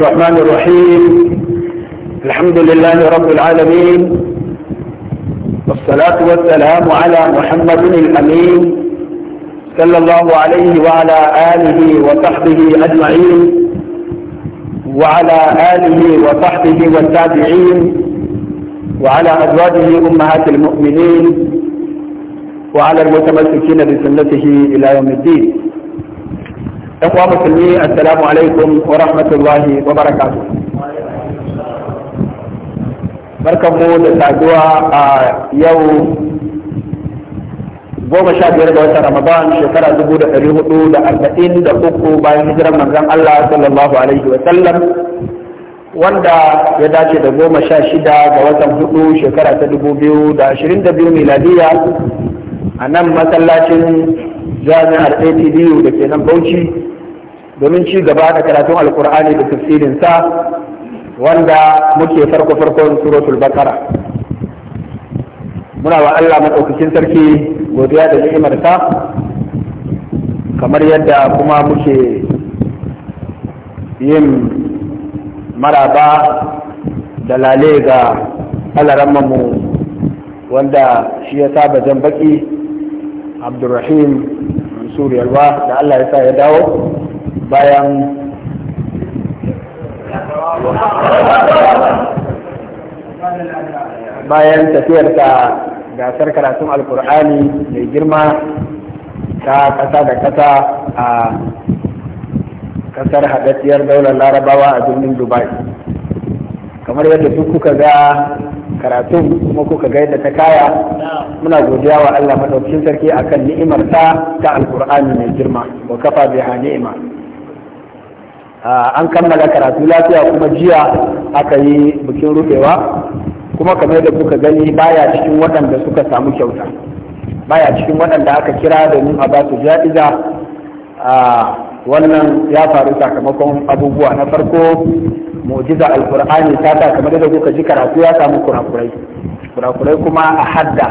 الرحمن الرحيم الحمد لله رب العالمين والصلاة والسلام على محمد الأمين صلى الله عليه وعلى آله وصحبه أجمعين وعلى آله وصحبه والتابعين وعلى أزواجه أمهات المؤمنين وعلى المتمسكين بسنته إلى يوم الدين yan uwa musulmi assalamu alaikum wa rahmatullahi wa barakatuh barkan mu da saduwa a yau goma sha biyar ga watan ramadan shekara dubu da ɗari hudu da arba'in da uku bayan hijirar manzon allah sallallahu alaihi wa sallam wanda ya dace da goma sha shida ga watan hudu shekara ta dubu biyu da ashirin da biyu miladiya a nan masallacin jami'ar atd da ke nan bauchi domin ci gaba da karatun alkur'ani da tafsirinsa wanda muke farko farkon suratul bakara muna wa allah maɗaukacin sarki godiya da ni'imarsa kamar yadda kuma muke yin maraba da lale ga mu wanda shi ya saba jan baki Abdulrahim mansur yalwa da allah ya sa ya dawo bayan bayan tafiyarta gasar karatun alkur'ani mai girma ta kasa da kasa a kasar haɗaɗɗiyar daular larabawa a birnin dubai kamar yadda duk kuka ga karatu kuma kuka ga yadda ta kaya muna godiya wa Allah madaukakin sarki akan ni'imar ta ta alqur'ani mai girma wa kafa biha ni'ima an kammala karatu lafiya kuma jiya aka yi bikin ruɓewa kuma kamar da kuka gani baya cikin waɗanda suka samu kyauta baya cikin waɗanda aka kira domin a ba su ja'iza wannan ya faru sakamakon abubuwa na farko mu'jiza alqur'ani ta ta kamar yadda kuka ji karatu ya samu kurakurai kurakurai kuma a hadda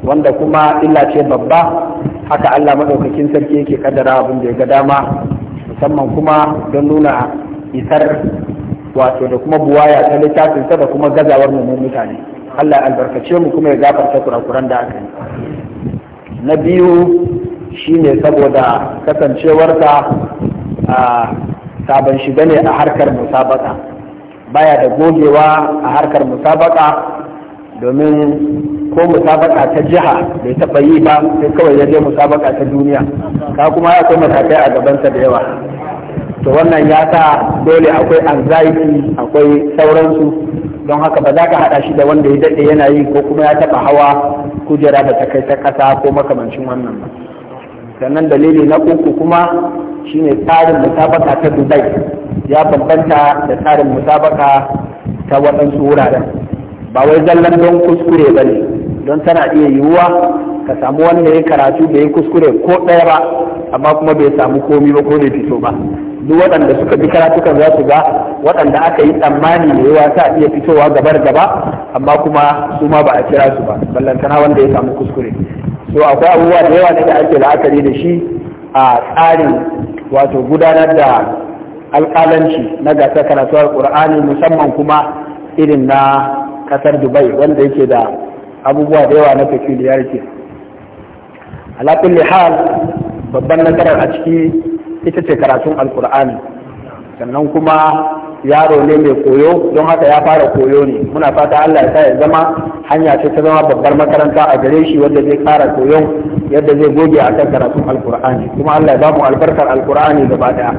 wanda kuma illa ce babba haka Allah madaukakin sarki yake kaddara abin da ya ga dama musamman kuma don nuna isar wato da kuma buwaya ta littafinsa da kuma gazawar mu mutane Allah albarkace mu kuma ya gafarta kurakuran da aka yi na biyu shine saboda kasancewarsa a sabon shiga ne a harkar musabaka baya da gogewa a harkar musabaka domin ko musabaka ta jiha bai taɓa yi ba sai kawai ya je musabaka ta duniya ka kuma ya akwai matakai a gabansa da yawa to wannan ya sa dole akwai anxiety akwai sauransu don haka ba za ka haɗa shi da wanda ya daɗe yana yi ko kuma ya taɓa hawa kujera da ta kai ta ƙasa ko makamancin wannan ba sannan dalili na uku kuma shine tsarin musabaka ta dubai ya bambanta da tsarin musabaka ta waɗansu wuraren ba wai zallan don kuskure ba ne don tana iya yiwuwa ka samu wanda ya karatu da ya kuskure ko ɗaya ba amma kuma bai samu komi ba ko bai fito ba duk waɗanda suka bi karatukan za su ga waɗanda aka yi tsammani da yawa ta iya fitowa gabar gaba amma kuma su ma ba a kira su ba ballantana wanda ya samu kuskure so akwai abubuwa da yawa ne da ake la'akari da shi a tsarin wato gudanar da alƙalanci na gasar karatu alƙur'ani musamman kuma irin na ƙasar dubai wanda yake da abubuwa da yawa na peculiarity ala kulli babban nasarar a ciki ita ce karatun alƙur'ani sannan kuma yaro ne mai koyo don haka ya fara koyo ne muna fata Allah ya sa ya zama hanya ce ta zama babbar makaranta a gare shi wanda zai fara koyon yadda zai goge akan karatun alkur'ani kuma Allah ya ba mu albarkar alkur'ani gaba daya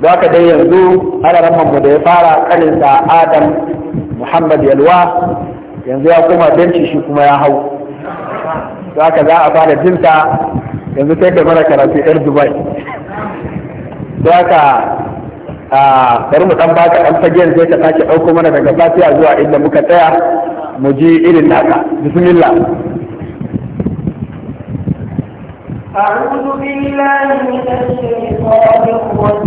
da ka dai yanzu alaran mu da ya fara kaninsa adam muhammad yalwa yanzu ya kuma benci shi kuma ya hau da ka za a fara jinta yanzu sai da mara karatu yar dubai da ka a bari mu dan baka dan fagen sai ka sake ɗauko mana daga safiya zuwa inda muka tsaya mu ji irin naka bismillah أعوذ بالله من الشيطان الرجيم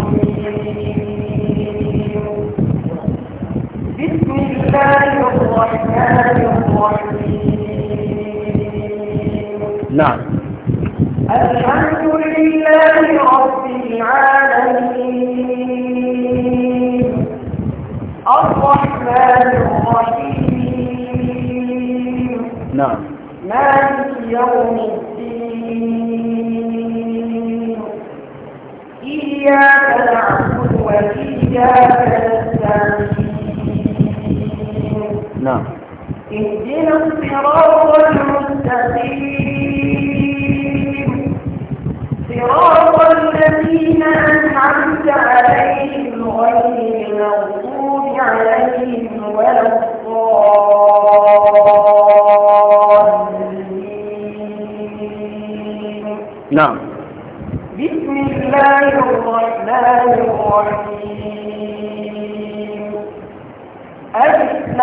نعم الحمد لله رب العالمين الرحمن الرحيم نعم مالك يوم الدين إياك نعبد وإياك نستعين نعم اهدنا الصراط المستقيم صراط الذين أنعمت عليهم غير المغضوب عليهم ولا الضالين نعم بسم الله الرحمن الرحيم أجل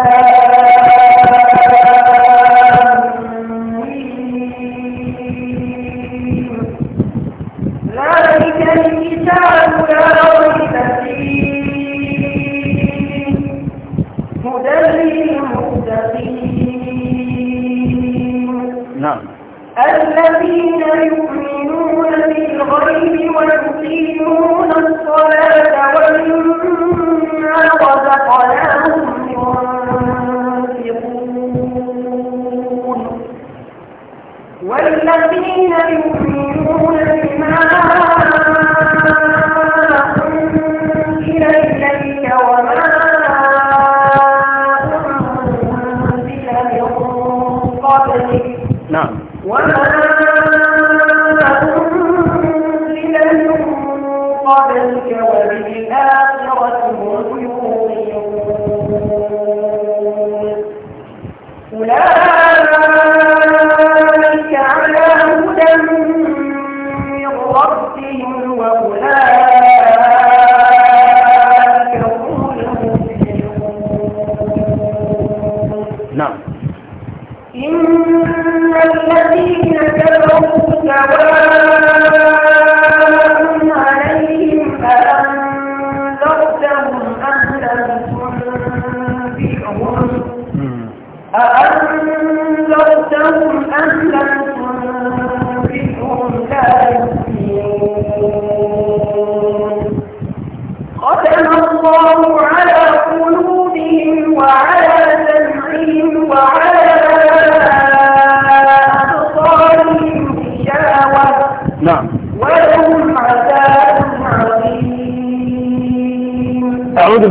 ربهم وأولئك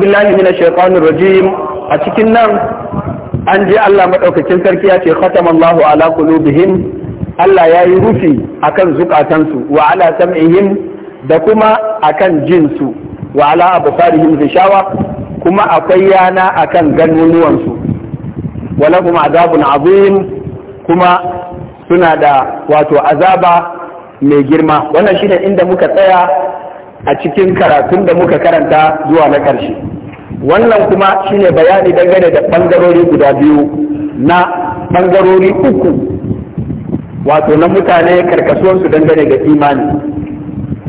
billahi minash shaitanir rajim a cikin nan an je Allah madaukakin sarki ya ce khatamallahu ala qulubihim Allah ya yi rufi akan zukatansu wa ala sam'ihim da kuma akan jinsu wa ala absarihim ghishawa kuma akwai yana akan ganunuwansu wa lahum adabun azim kuma suna da wato azaba mai girma wannan shine inda muka tsaya a cikin karatun da muka karanta zuwa na ƙarshe wannan kuma shine bayani dangane da bangarori guda biyu na bangarori uku wato na mutane karkasuwansu dangane da imani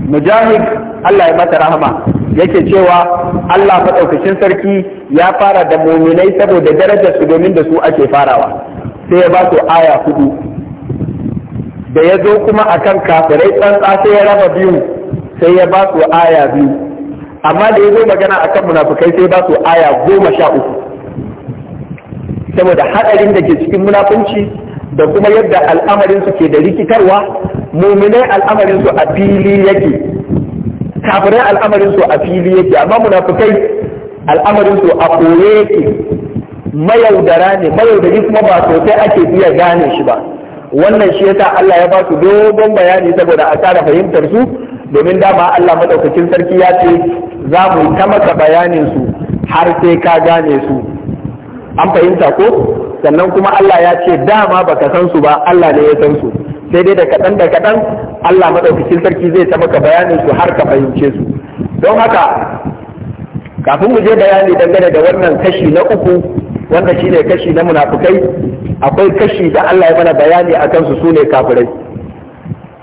mujahid Allah ya mata rahama yake cewa Allah maɗaukacin sarki ya fara da muminai saboda darajar su domin da su ake farawa sai ya ba su aya hudu da ya zo kuma akan kafirai tsantsa sai ya raba biyu sai ya ba su aya biyu amma da ya zo magana akan munafukai sai ba su aya goma sha uku saboda haɗarin da ke cikin munafunci da kuma yadda al'amarin su ke da rikitarwa muminai al'amarin su a fili yake kafirai al'amarin su a fili yake amma munafukai al'amarin su a koye yake mayaudara ne mayaudari kuma ba sosai ake iya gane shi ba wannan shi yasa Allah ya ba su dogon bayani saboda a tsara fahimtar su domin dama Allah maɗaukacin sarki ya ce za mu ta maka bayanin su har sai ka gane su an fahimta ko sannan kuma Allah ya ce dama baka san su ba Allah ne ya san su sai dai da kaɗan da kaɗan Allah maɗaukacin sarki zai ta maka bayanin har ka fahimce su don haka kafin mu je bayani dangane da wannan kashi na uku wanda shine kashi na munafukai akwai kashi da Allah ya mana bayani akan su sune kafirai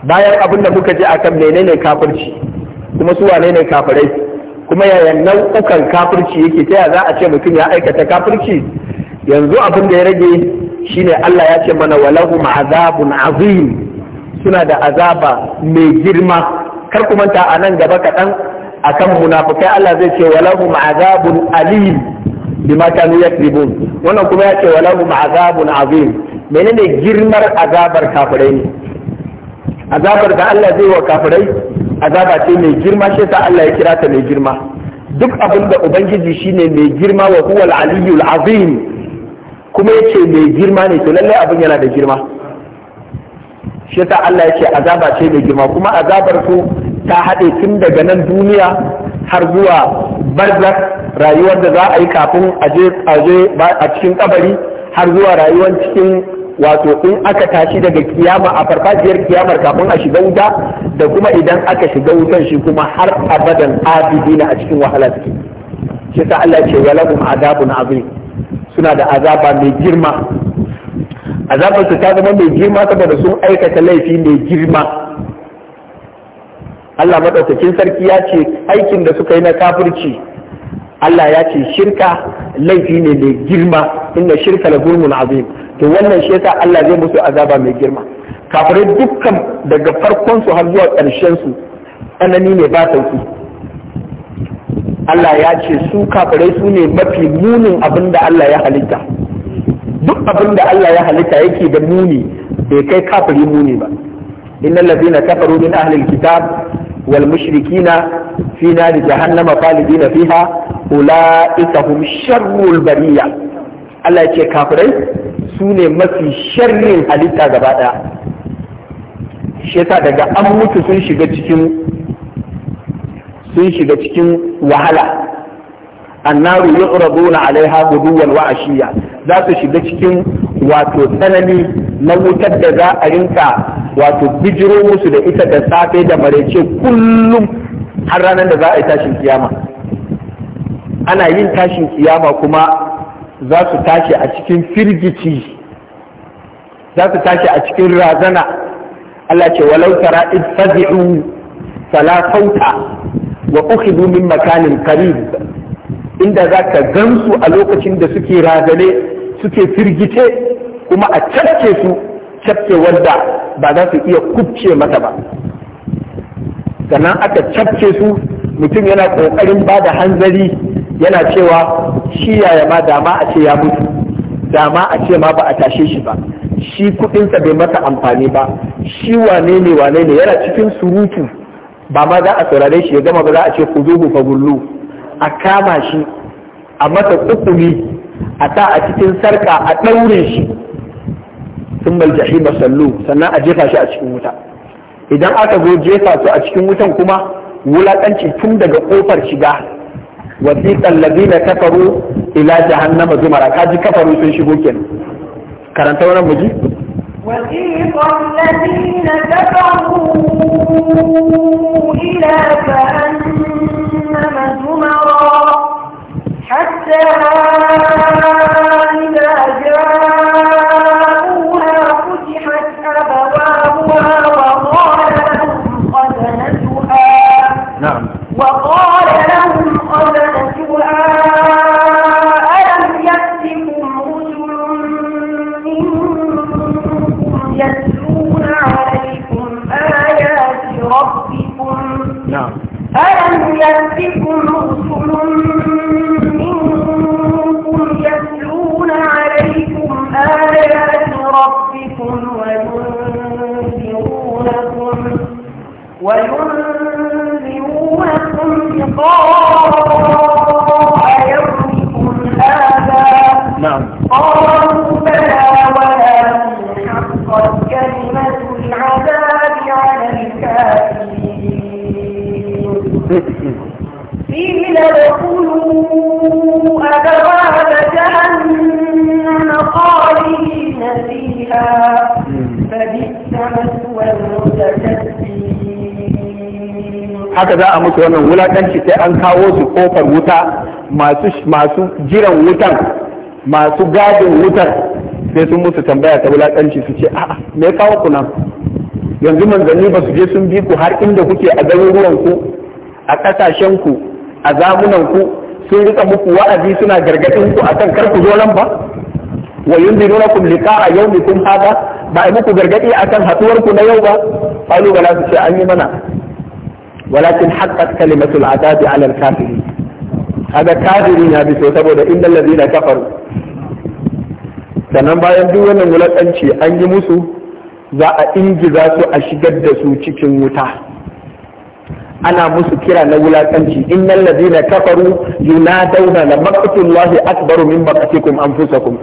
bayan abin da muka ji akan menene kafirci kuma su wane ne kafirai kuma yaya nau'ukan kafirci yake ta yaya za a ce mutum ya aikata kafirci yanzu abin da ya rage shine Allah ya ce mana walahu azabun azim suna da azaba mai girma kar ku manta a nan gaba kaɗan akan munafukai Allah zai ce walahu azabun alim bima kanu yakribun wannan kuma ya ce walahu azabun azim menene girmar azabar kafirai ne azabar da Allah zai wa kafirai azaba ce mai girma shi sa Allah ya kira ta mai girma duk abin da ubangiji shine mai girma wa huwal aliyul azim kuma yace mai girma ne to lallai abin yana da girma shi sa Allah yace azaba ce mai girma kuma azabar su ta haɗe tun daga nan duniya har zuwa barzak rayuwar da za a yi kafin a je a cikin kabari har zuwa rayuwar cikin wato in aka tashi daga kiyama a farfajiyar kiyamar kafin a shiga wuta da kuma idan aka shiga wutan shi kuma har abadan abidina a cikin wahala suke shi sa Allah ce walakum azabun azim suna da azaba mai girma azabar su ta zama mai girma saboda sun aikata laifi mai girma Allah madaukakin sarki ya ce aikin da suka yi na kafirci Allah ya ce shirka laifi ne mai girma inna shirka la zulmun azim to wannan shi yasa Allah zai musu azaba mai girma kafirai dukkan daga farkon su har zuwa ƙarshen su tsanani ne ba sauki Allah ya ce su kafirai su ne mafi munin abin da Allah ya halitta duk abin da Allah ya halitta yake da muni bai kai kafiri muni ba innal ladina kafaru min ahli alkitab wal mushrikina fi nar jahannama khalidina fiha ulaika hum sharrul bariyah Allah ya ce kafirai su ne mafi sharrin halitta gaba ɗaya shi yasa daga an mutu sun shiga cikin sun shiga cikin wahala annaru yuqraduna alaiha guduwan wa ashiya za su shiga cikin wato tsanani na wutar da za a rinka wato bijiro musu da ita da safe da marece kullum har ranar da za a yi tashin kiyama ana yin tashin kiyama kuma za su tashi a cikin firgici za su tashi a cikin razana Allah ce walau tara id fazi'u fala fauta wa ukhidhu min makanin qarib inda za ka gansu a lokacin da suke razane suke firgice kuma a cafke su cafke wanda ba za su iya kubce mata ba sannan aka cafke su mutum yana kokarin bada hanzari yana cewa shi yaya ma dama a ce ya mutu dama a ce ma ba a tashe shi ba shi kudinsa bai masa amfani ba shi wane ne wane ne yana cikin surutu ba ma za a saurare shi ya gama ba za a ce ku zo ku fagullu a kama shi a masa kukumi a ta a cikin sarka a ɗaure shi sun maljahi sallu sannan a jefa shi a cikin wuta idan aka zo jefa su a cikin wutan kuma wulaƙanci tun daga ƙofar shiga wasiqa allazina kafaru ila jahannama zumara kaji kafaru sun shigo kenan karanta wannan muji وسيق الذين كفروا إلى جهنم زمرا حتى وينذرونكم لقاء haka za a musu wannan wulakanci sai an kawo su kofar wuta masu jiran wutan masu gadin wutar sai sun musu tambaya ta wulakanci su ce a'a me kawo ku nan yanzu manzanni ba su je sun bi ku har inda kuke a garuruwan ku a kasashen ku a zamunan ku sun rika muku wa'azi suna gargadin ku akan kar ku zo nan ba wa yunzirunakum liqa'a yawmikum hada ba ai muku gargadi akan haduwar ku na yau ba qalu bala su ce an yi mana walakin haqqat kalimatul azabi ala al-kafirin kaga kafiri na bi so saboda innal kafaru sannan bayan duk wannan wulakanci an yi musu za a ingiza su a shigar da su cikin wuta ana musu kira na wulakanci innal ladina kafaru yunadawna la maqtullahi akbaru min maqtikum anfusakum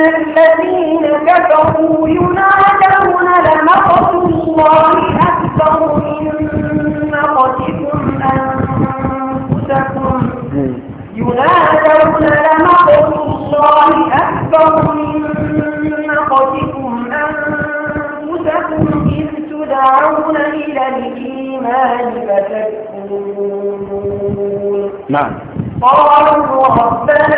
الذين كفروا ينادون لمقت الله أكبر من مقتكم أنفسكم ينادون لمقت الله أكبر من مقتكم أنفسكم إذ تدعون إلى الإيمان فتكفرون نعم قالوا ربنا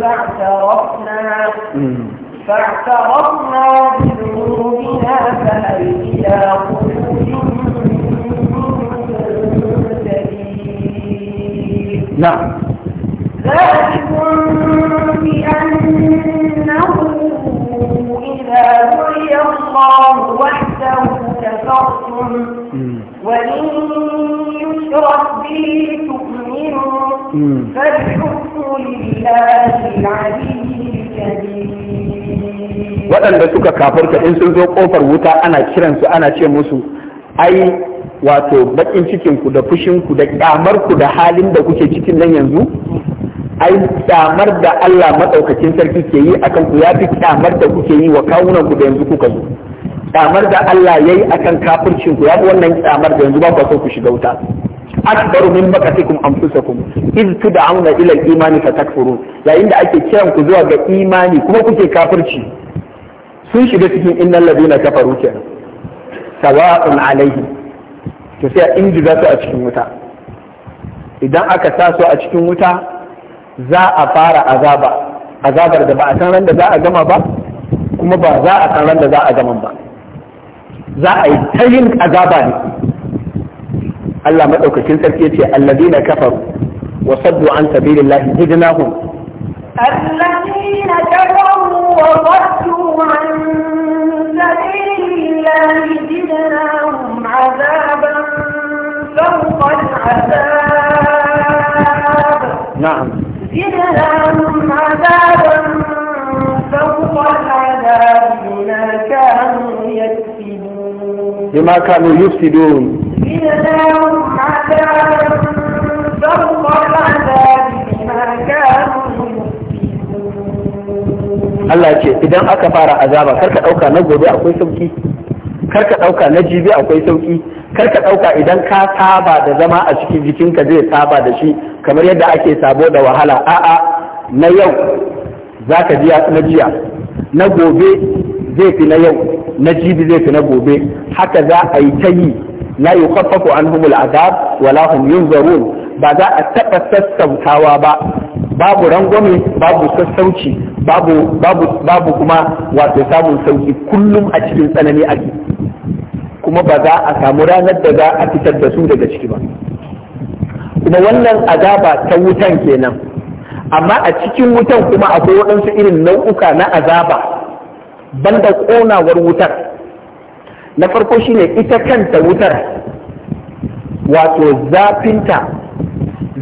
فاعترفنا فاعترفنا بذنوبنا فهل إلى قلوب نعم ذلكم بأنه إذا دعي الله وحده كفرتم وإن يشرك به تؤمنوا فالحكم waɗanda suka kafarta in sun zo ƙofar wuta ana kiransu ana ce musu ai wato baƙin cikinku da fushinku da ƙyamarku da halin da kuke cikin nan yanzu ai ƙyamar da Allah maɗaukacin sarki ke yi akan ku ya fi ƙyamar da kuke yi wa kawunanku da yanzu kuka zo ƙyamar da Allah ya yi akan kafircinku ya fi wannan ƙyamar da yanzu ba ku so ku shiga wuta akbaru min bakatikum anfusakum iz tud'auna ila al-iman fatakfurun yayin da ake kiran ku zuwa ga imani kuma kuke kafirci sun shiga cikin innal ladina kafaru kenan sawa'un alaihi to sai a injiza su a cikin wuta idan aka sa su a cikin wuta za a fara azaba azabar da ba a san ran da za a gama ba kuma ba za a san ran da za a gama ba za a yi tayin azaba ne Allah madaukakin sarki yace alladina kafaru wa saddu an sabilillahi zidnahum alladina kafaru wa saddu an sabilillahi zidnahum azaban fawqa al'azab na'am zidnahum azaban fawqa al'azab bima kanu yaksibun bima kanu yufsidun Allah ce idan aka fara azaba kar ka dauka na gobe akwai sauki karka ka dauka na jibi akwai sauki kar dauka idan ka saba da zama a cikin jikinka zai saba da shi kamar yadda ake sabo da wahala a'a na yau zaka jiya na jiya na gobe zai fi na yau na jibi zai fi na gobe haka za a yi ta yi la yukhaffafu anhumul azab wala hum yunzarun ba za a taba sassautawa ba babu rangwame babu sassauci babu babu babu kuma wato samun sauki kullum a cikin tsanani ake kuma ba za a samu ranar da za a fitar da su daga ciki ba kuma wannan azaba ta wutan kenan amma a cikin wutan kuma akwai waɗansu irin nau'uka na azaba banda ƙonawar wutar na farko shine ita kanta wutar wato zafinta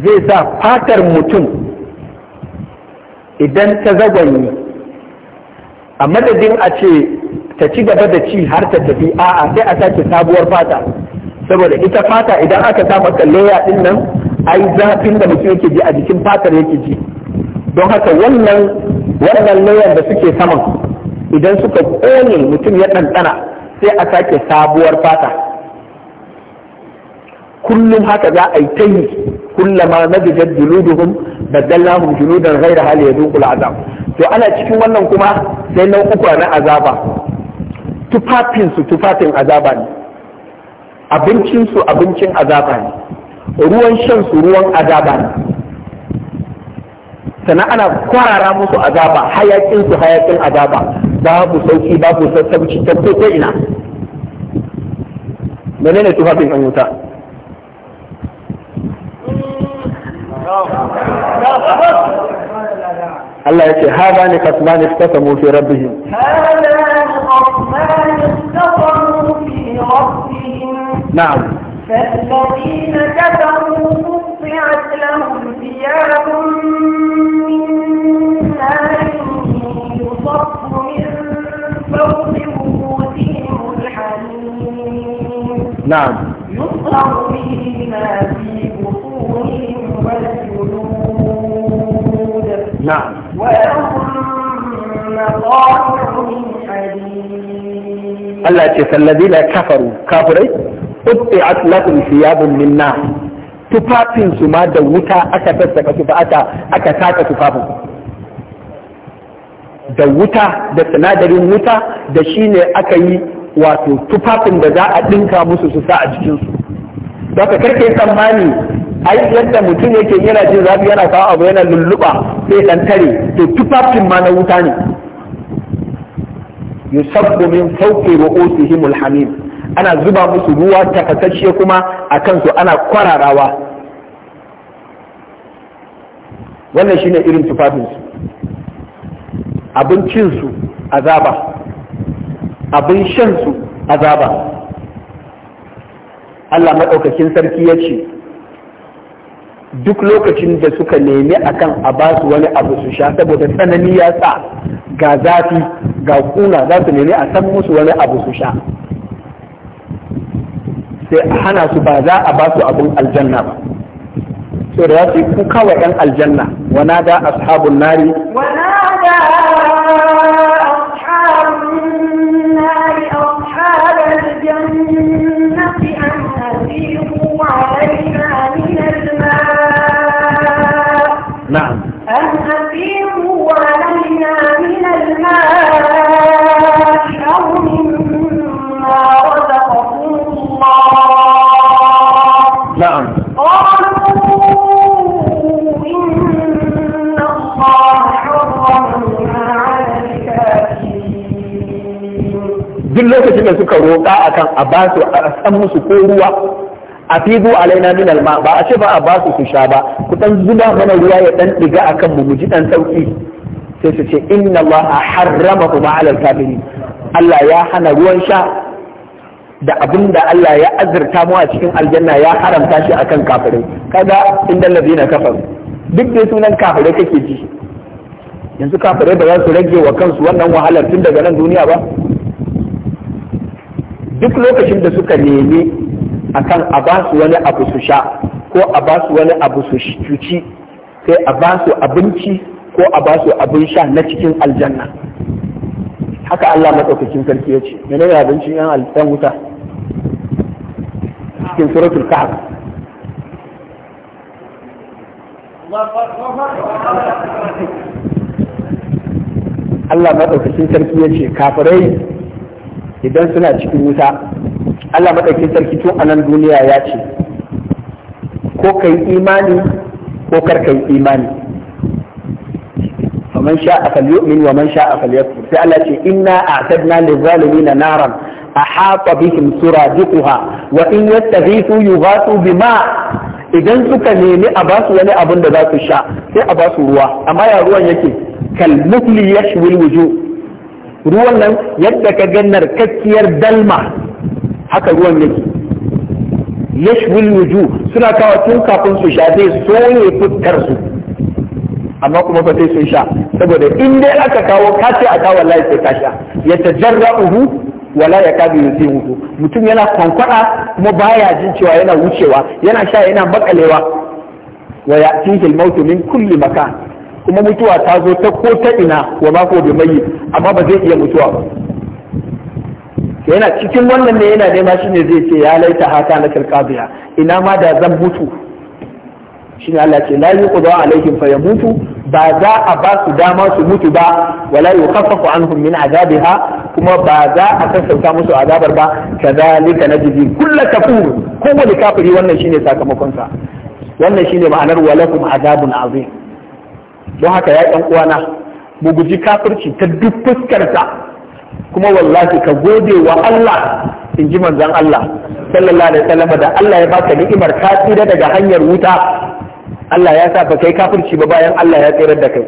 zai sa fatar mutum idan ta zagwanyi a madadin a ce ta ci gaba da ci har ta tafi a'a sai a sake sabuwar fata saboda ita fata idan aka samu maka lauya din nan ai zafin da mutum yake ji a jikin fatar yake ji don haka wannan wannan layar da suke saman idan suka kone mutum ya ɗanɗana sai a sake sabuwar fata kullum haka za a yi ta yi kullama na bijar baddalnahum junudan ghayra hal yaduqul azab to ana cikin wannan kuma sai nau'uka na azaba tufafin su tufafin azaba ne abincin su abincin azaba ne ruwan shan su ruwan azaba ne sannan ana kwarara musu azaba hayakin su hayakin azaba babu sauki babu sassauci ta ko ina menene tufafin an wuta الله يكفي هذان خصمان اختصموا في ربهم هذان خصمان اختصموا في ربهم نعم فالذين كفروا قطعت لهم ثياب من نار يصب من فوق رؤوسهم الحميم نعم يصهر به ما في بطونهم نعم Allah ce sallabi na kafaru kafirai utte atlaqul thiyabun min tufafin su ma da wuta aka sassaka su aka aka saka tufafin da wuta da sinadarin wuta da shi ne aka yi wato tufafin da za a ɗinka musu su sa a jikinsu. su ka karke tsammani ai yadda mutum yake yana jin zafi yana kawo abu yana lulluɓa sai dan tare to tufafin ma na wuta ne yusabbu min fawqi ru'usihim alhamim ana zuba musu ruwa tafasashe kuma a kansu ana kwararawa wannan shine irin tufafinsu abincinsu azaba abin shansu azaba Allah maɗaukakin sarki ya ce duk lokacin da suka nemi akan a ba su wani abu su sha saboda tsanani ya sa ga zafi ga kuna za su nemi a san musu wani abu su sha sai a hana su ba za a ba su abun aljanna ba so da za su yi kuka wa 'yan aljanna wana ga ashabun nari wana duk lokacin da suka roƙa akan a ba su a san musu ko ruwa a fidu alaina min alma ba a ce ba a ba su su sha ba ku dan zuba mana ruwa ya dan diga akan mu mu ji dan sauki sai su ce inna allaha harrama kuma alal kafirin Allah ya hana ruwan sha da abin da Allah ya azurta mu a cikin aljanna ya haramta shi akan kafirai kaga inda ladina kafaru duk dai sunan kafirai kake ji yanzu kafirai ba za su rage wa kansu wannan wahalar tun daga nan duniya ba duk lokacin da suka nemi a kan a ba su wani abu su sha ko a ba su wani abu su cuci sai a ba su abinci ko a ba su abin sha na cikin aljanna haka Allah maɗaukakin sarki ya ce menene abincin yan alfan wuta cikin suratul kahf Allah maɗaukakin sarki ya ce kafirai idan suna cikin wuta Allah maɗaukin sarki tun anan duniya ya ce ko ka yi imani ko kar ka yi imani Waman sha a falyumin wa waman sha a falyakfur sai Allah ce inna a'tadna lizalimin naran ahata bihim suradiquha wa in yastaghithu yughathu bima idan suka nemi a basu wani abin da za su sha sai a basu ruwa amma ya ruwan yake kal mufli yashwil wujuh ruwan nan yadda ka ga narkakkiyar dalma haka ruwan yake yashwil wuju suna kawo tun kafin su sha zai soye fuskar su amma kuma ba sai sun sha saboda in dai aka kawo ka ce a kawo wallahi sai ka sha ya tajarra uhu wala ya kabi yusi uhu mutum yana kwankwada kuma baya jin cewa yana wucewa yana sha yana makalewa wa ya'tihi al-mautu min kulli makan kuma mutuwa ta zo ta ko ta ina wa mako bai mai amma ba zai iya mutuwa ba yana cikin wannan ne yana nema shine zai ce ya laita haka na karkabiya ina ma da zan mutu shine Allah ce la yuqda alaihim fayamutu ba za a ba su dama su mutu ba wala yukhaffafu anhum min azabiha kuma ba za a sassauta musu azabar ba kadhalika najzi kull kafur kowane kafiri wannan shine sakamakon sa wannan shine ma'anar walakum azabun azim don haka ya ɗan uwana mu guji kafirci ta duk fuskarta kuma wallahi ka gode wa Allah in ji manzon Allah sallallahu alaihi wasallam da Allah ya baka ni'imar ka tsira daga hanyar wuta Allah ya sa ba kai kafirci ba bayan Allah ya tsirar da kai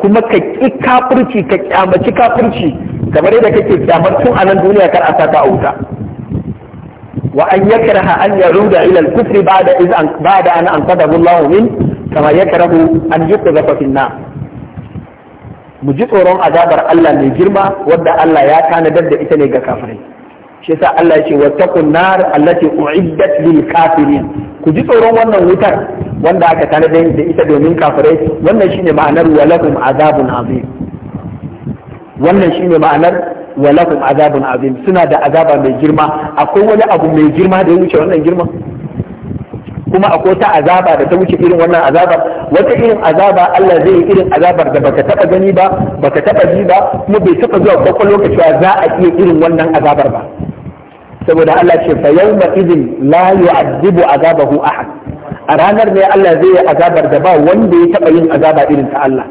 kuma ka ƙi kafirci ka kyamaci kafirci kamar yadda kake kyamar tun a nan duniya kar a saka a wuta wa an yakraha an yaruda ila al-kufri ba'da iz an ba'da an anqadahu Allah min kamar ya rahu an ji ku ƙazafa finna mu ji tsoron azabar Allah mai girma wadda Allah ya tanadar da ita ne ga kafirai shi yasa Allah ya ce wattaqun nar allati uiddat lil kafirin ku ji tsoron wannan wutar wanda aka tanadar da ita domin kafirai wannan shine ma'anar walakum azabun azim wannan shine ma'anar walakum azabun azim suna da azaba mai girma akwai wani abu mai girma da ya wuce wannan girman kuma akwai ta azaba da ta wuce irin wannan azabar wata irin azaba Allah zai yi irin azabar da baka taba gani ba baka taba ji ba kuma bai taba zuwa kwakwalwa lokaci za a iya irin wannan azabar ba saboda Allah ce fa yawma idin la yu'adhibu azabahu ahad a ranar ne Allah zai yi azabar da ba wanda ya taba yin azaba irin ta Allah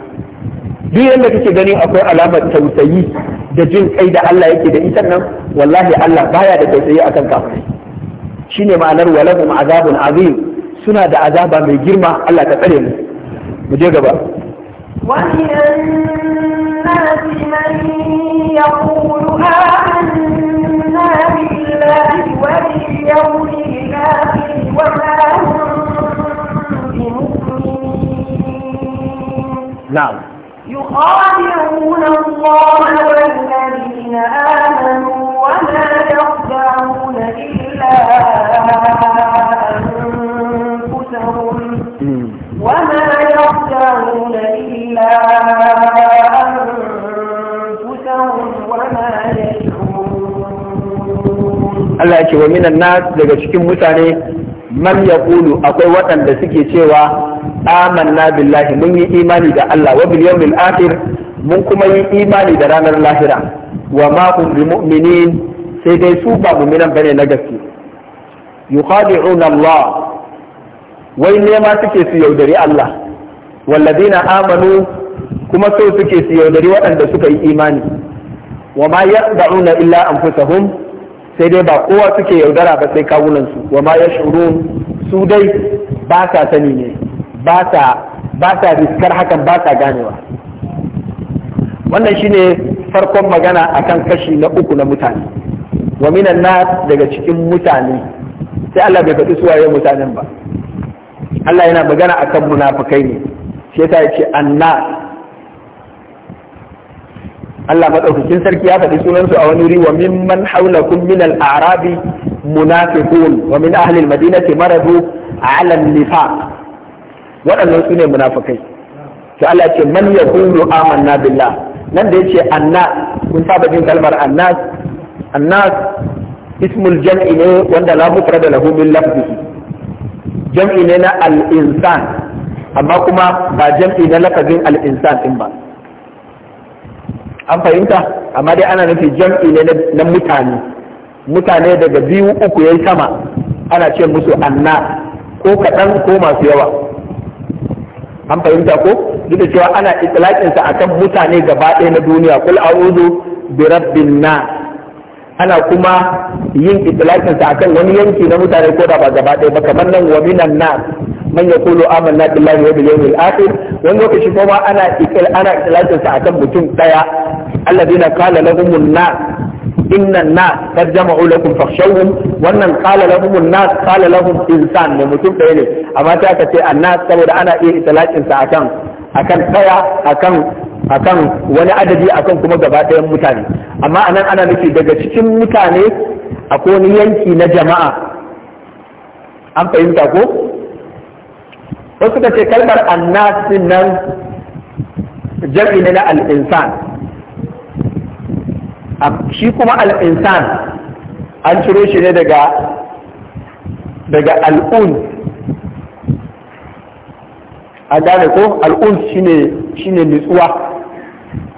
duk yanda kake gani akwai alamar tausayi da jin kai da Allah yake da ita nan wallahi Allah baya da tausayi akan kafirai shine ma'anar walahum azabun azim suna da azaba mai girma Allah ka tsare mu mu je gaba ومن الناس من يقول آمنا بالله وباليوم الآخر وما نعم يخادعون الله والذين آمنوا وما يخدعون إلا Allah ya ce wa minan nas daga cikin mutane man yaqulu akwai waɗanda suke cewa aman na billahi mun yi imani da Allah wa bil mil akhir mun kuma yi imani da ranar lahira wa ma hum bi mu'minin sai dai su ba mu'minan bane na gaske yukhadi'una Allah wai nema suke su yaudari Allah walladina amanu kuma so suke su yaudari waɗanda suka yi imani wa ma yaqda'una illa anfusahum sai dai ba kowa suke yaudara ba sai kawunansu wa ma yash'urun su dai ba sa sani ne ba sa riskar hakan ba sa ganewa wannan shine farkon magana akan kashi na uku na mutane wa minan na daga cikin mutane sai Allah bai faɗi suwaye mutanen ba Allah yana magana akan munafukai ne sai ta ce annas Allah madaukakin sarki ya faɗi sunansu a wani wuri wa mimman haulakum min al-arabi munafiqun wa min ahli al-madinati maradu ala an-nifaq waɗannan sune munafikai to Allah ya ce man yaqulu amanna billah nan da yace annas, kun saba jin kalmar annas annas ismul jam'i ne wanda la mufrada lahu min lafzihi jam'i ne na al-insan amma kuma ba jam'i na lafazin al-insan din ba an fahimta amma dai ana nufi jam'i ne na mutane mutane daga biyu uku yayi sama ana ce musu anna ko kaɗan ko masu yawa an fahimta ko duk da cewa ana itlaqin sa akan mutane gaba ɗaya na duniya kul a'udhu bi rabbin na ana kuma yin itlaqin sa akan wani yanki na mutane ko da ba gaba ɗaya ba kamar nan wa minan na, man yaqulu amanna billahi wa bil yawmil akhir wani lokaci kuma ana ikil ana ikilatin sa akan mutum daya alladina qala lahumun nas inna nas qad jama'u lakum fakhshawhum wannan qala lahumun nas qala lahum insan ne mutum daya ne amma ta aka ce annas saboda ana iya ikilatin sa akan akan daya akan akan wani adadi akan kuma gaba ɗayan mutane amma anan ana nufi daga cikin mutane akwai wani yanki na jama'a an fahimta ko wasu suka ce kalmar annasin nan jam'i na al'insan shi kuma al'insan an ciro shi ne daga daga al'un a gane ko al'un shine shine nutsuwa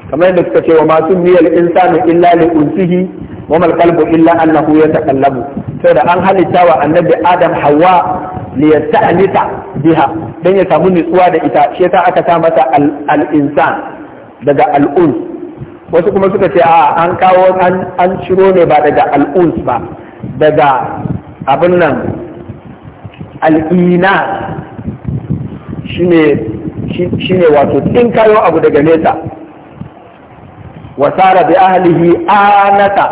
kamar yadda suka ce wa masu miyar insanu illa li unsihi wa mal qalbu illa annahu yatakallamu sai da an halitta wa annabi adam hawa li yasta'nita biha dan ya samu nutsuwa da ita shi yasa aka sa masa al daga al-uns wasu kuma suka ce a an kawo an ciro ne ba daga al ba daga abin nan al-ina shine wato in kayo abu daga nesa wasara bi ahlihi anata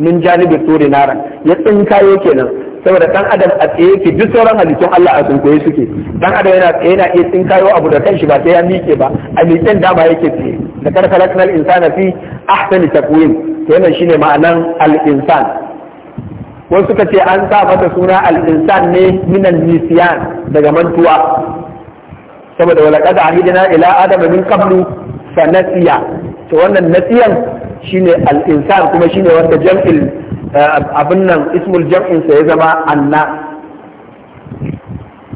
min janibi turinaran ya tsinkayo kenan saboda dan adam a tsaye yake duk sauran halittun Allah a tsinkoye suke dan adam yana tsaye yana iya kayo abu da kanshi ba sai ya miƙe ba a miƙen dama yake tsaye da kar khalaqnal insana fi ahsani taqwim to wannan shine ma'anan al-insan wasu suka ce an sa mata suna al-insan ne minan nisyan daga mantuwa saboda wala qad ahidna ila adama min qablu fa nasiya to wannan nasiyan shine al-insan kuma shine wanda jam'il Eh, abin nan ismul jam'in sa ya zama anna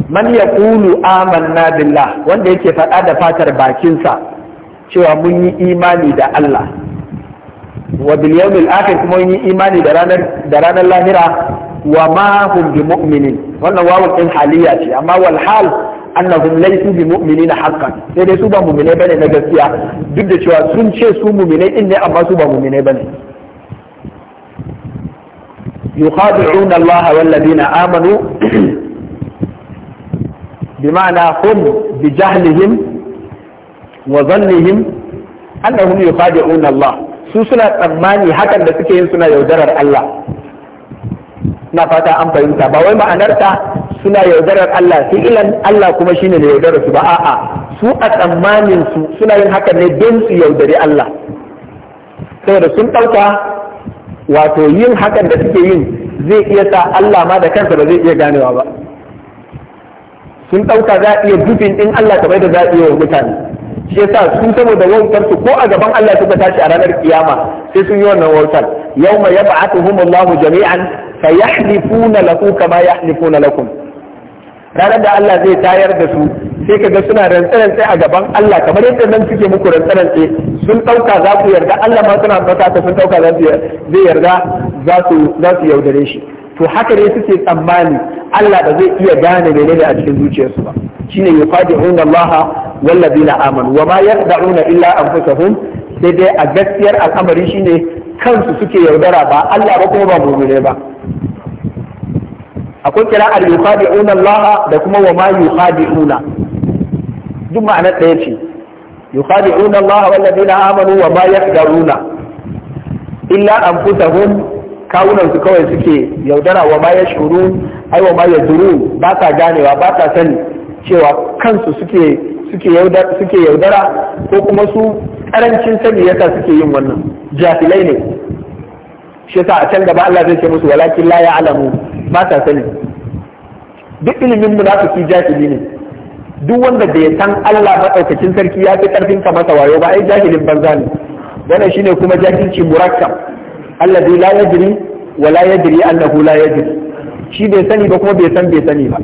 man yaqulu amanna billah wanda yake faɗa da fatar bakinsa cewa mun yi imani da Allah wa bil yawmil akhir kuma mun yi imani da ranar da ranar lahira wa ma hum bi mu'minin wannan wawu din haliya ce amma wal hal annahum laysu bi mu'minina haqqan sai dai su ba mu'mine bane na gaskiya duk da cewa sun ce su mu'mine inne ne amma su ba mu'mine bane yukhadi'una Allah wal ladina amanu bima'ana hum bi jahlihim wa dhannihim annahum yukhadi'una Allah su suna tsammani hakan da suke yin suna yaudarar Allah na fata an fahimta ba wai ma'anarta suna yaudarar Allah sai Allah kuma shine yaudararsu ba a'a su a tsammanin su suna yin haka ne don su yaudari Allah saboda sun ɗauka wato yin hakan da suke yin zai iya sa Allah ma da kansa ba zai iya ganewa ba sun ɗauka za a iya dubin ɗin Allah kamar da za a iya wa mutane shi yasa su saboda wautar su ko a gaban Allah suka tashi a ranar kiyama sai sun yi wannan wautar yawma yab'atuhum Allahu jami'an fayahlifuna lahu kama yahlifuna lakum ranar da Allah zai tayar da su sai ka ga suna rantsarantsai a gaban Allah kamar yadda nan suke muku rantsarantsai sun ɗauka za su yarda Allah ma suna mata ta sun ɗauka zai yarda za su yaudare shi to haka ne suke tsammani Allah ba zai iya gane menene a cikin zuciyarsu ba shine yufadi'un Allah wallazina amanu wa ma yaqda'una illa anfusahum sai dai a gaskiyar al'amari shine kansu suke yaudara ba Allah ba kuma ba mu'mine ba akwai kira yufadi'un Allah da kuma wa ma yufadi'una duk ma'anar ɗaya ce يخادعون الله والذين آمنوا amanu wa إلا أنفسهم illa anfusahum kawunan su kawai suke yaudara wa يدرون باتا جاني وباتا ma شوى ba سكي ganewa ba ta sani cewa kansu suke yaudara ko kuma su karancin sani yasa suke yin wannan jahilai ne shi yasa a can gaba Allah zai ce musu walakin la ya'lamu ba ta sani duk ilimin munafiki jahili ne duk wanda bai san Allah maɗaukacin sarki ya fi ƙarfin ka masa wayo ba ai jahilin banza ne wannan shine kuma jahilci murakkab alladhi la yadri wa la yadri annahu la yadri shi bai sani ba kuma bai san bai sani ba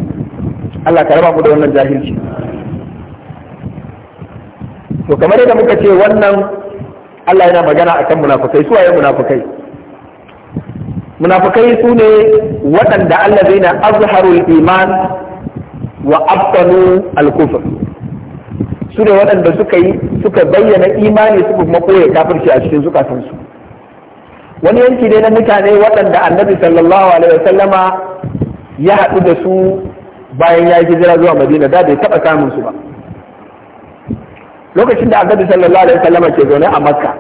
Allah ka raba mu da wannan jahilci to kamar yadda muka ce wannan Allah yana magana akan munafukai su waye munafukai munafukai su ne waɗanda Allah zai na azharul iman wa abtanu al-kufr su ne waɗanda suka yi suka bayyana imani su kuma koya kafirci a cikin zukatansu wani yanki ne na mutane waɗanda annabi sallallahu alaihi wasallama ya haɗu da su bayan ya yi zuwa madina da bai taɓa samun su ba lokacin da annabi sallallahu alaihi wasallama ke zaune a makka